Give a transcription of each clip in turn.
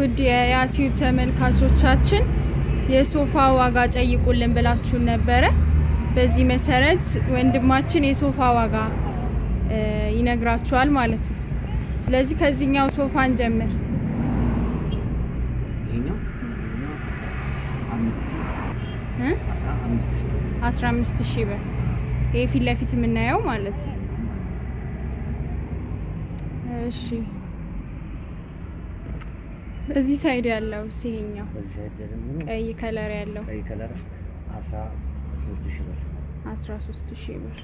ውድ የዩቲዩብ ተመልካቾቻችን የሶፋ ዋጋ ጠይቁልን ብላችሁን ነበረ። በዚህ መሰረት ወንድማችን የሶፋ ዋጋ ይነግራችኋል ማለት ነው። ስለዚህ ከዚህኛው ሶፋ እንጀምር። አስራ አምስት ሺህ ብር ይህ ፊት ለፊት የምናየው ማለት ነው። እሺ እዚህ ሳይድ ያለው ሲሄኛው ቀይ ከለር ያለው ቀይ ከለር 13000 ብር 13000 ብር።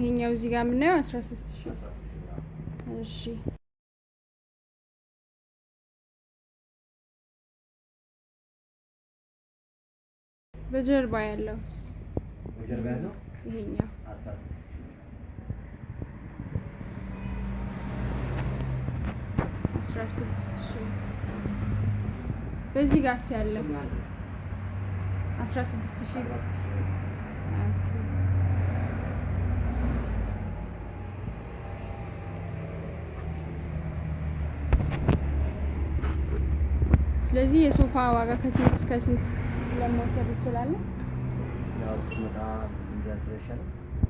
ይሄኛው እዚህ ጋር የምናየው 13000 እሺ። በጀርባ ያለው በጀርባ ያለው ይሄኛው አስራ ስድስት ሺህ በዚህ ጋርስ ያለው አስራ ስድስት ሺህ ስለዚህ የሶፋ ዋጋ ከስንት እስከ ስንት ብለን መውሰድ እንችላለን።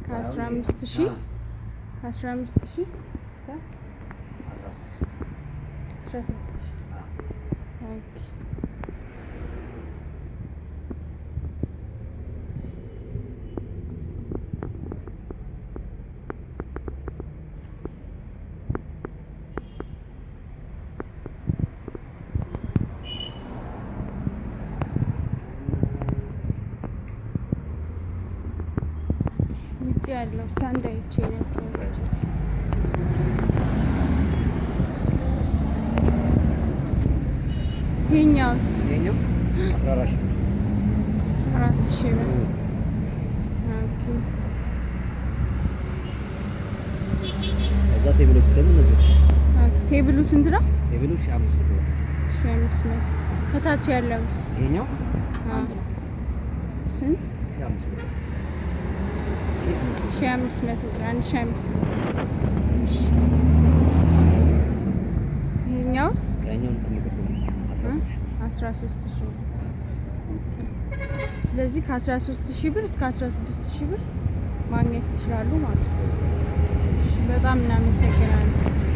ከአስራ አምስት ሺህ ከአስራ አምስት ሺህ እስከ አስራ ስድስት ሺህ Mit yerler. Sen de çeyrek olacak. Hinyavs. Hinyavs. Saraş. Saraş şive. እዛ ቴብሎ ስለም ነዞች ቴብሉ ስንት ነው? ቴብሉ ሺህ አምስት መቶ ሺህ አምስት መቶ ከታች ያለውስ ይሄኛው ስንት? ሺህ አምስት መቶ ሺህ አምስት መቶ ብር ስለዚህ ከአስራ ሦስት ሺህ ብር እስከ አስራ ስድስት ሺህ ብር ማግኘት ይችላሉ ማለት ነው። በጣም እናመሰግናለን።